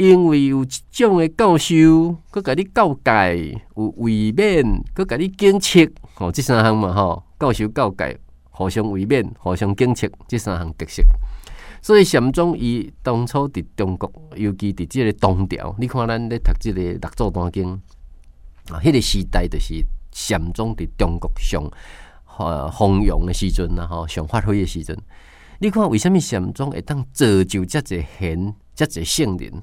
因為有一種嘅教授佮甲你教誡，有慰勉，佮甲你建設，吼、哦，即三項嘛，吼，教授教誡、互相慰勉、互相建設，即三項特色。所以禪宗伊當初佇中國，尤其佇即個唐朝，你看咱咧讀即個六祖壇經，啊，迄、那個時代著是禪宗佇中國上，呃，弘揚嘅時陣啊，吼、啊，上發揮嘅時陣。你看為啥物禪宗會當造就遮儕賢，遮儕聖人？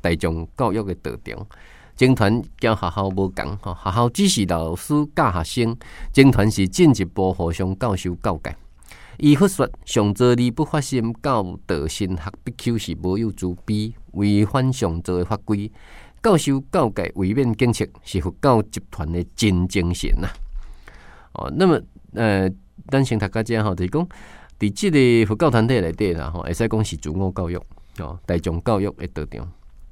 大眾教育嘅道場，集團交學校無共吼，學校只是老師教學生，集團是進一步互相教授教誡。伊或說，上座呢不發生教導新學必求是無有自卑，違反上座嘅法規，教授教誡違犯政策，是佛教集團嘅真精神啊。哦，那麼誒，等、呃、先讀到遮，吼，就講，佇即個佛教團體內底啦，吼、喔，會使講是自我教育，吼、哦，大眾教育嘅道場。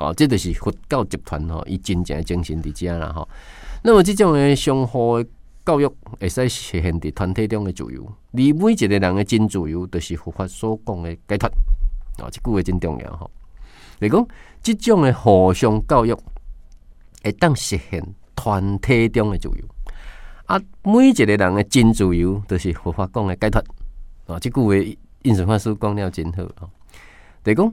哦，即著是佛教集團吼，伊、哦、真正精神佇遮啦，吼、哦。那麼即種誒相互誒教育，會使實現佇團體中誒自由。而每一個人誒真自由，著是佛法所講誒解脫。啊、哦，即句話真重要，嗬、哦。嚟講，即種誒互相教育，會當實現團體中誒自由。啊，每一個人誒真自由，著是佛法講誒解脫。啊、哦，即句話印順法師講了真好，啊、哦，嚟講。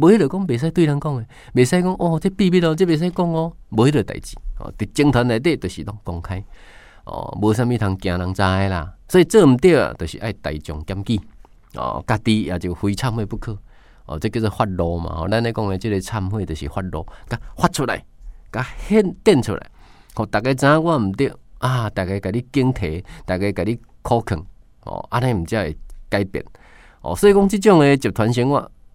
無迄個講，袂使對人講嘅，袂使講哦，即秘密咯，即袂使講哦，無迄、哦、個代志哦。在政壇內底，著是攏公開哦，無啥物通驚人知的啦。所以做毋對啊，著是愛大眾檢舉哦，家己也就非懺悔不可哦。即叫做發露嘛，哦、咱咧講嘅，即個懺悔著是發露甲發出來，甲顯點出來，互、哦、大家知影我毋對啊，大家給你警惕，大家給你苛刻哦，安尼毋才會改變哦。所以講即種嘅集團行為。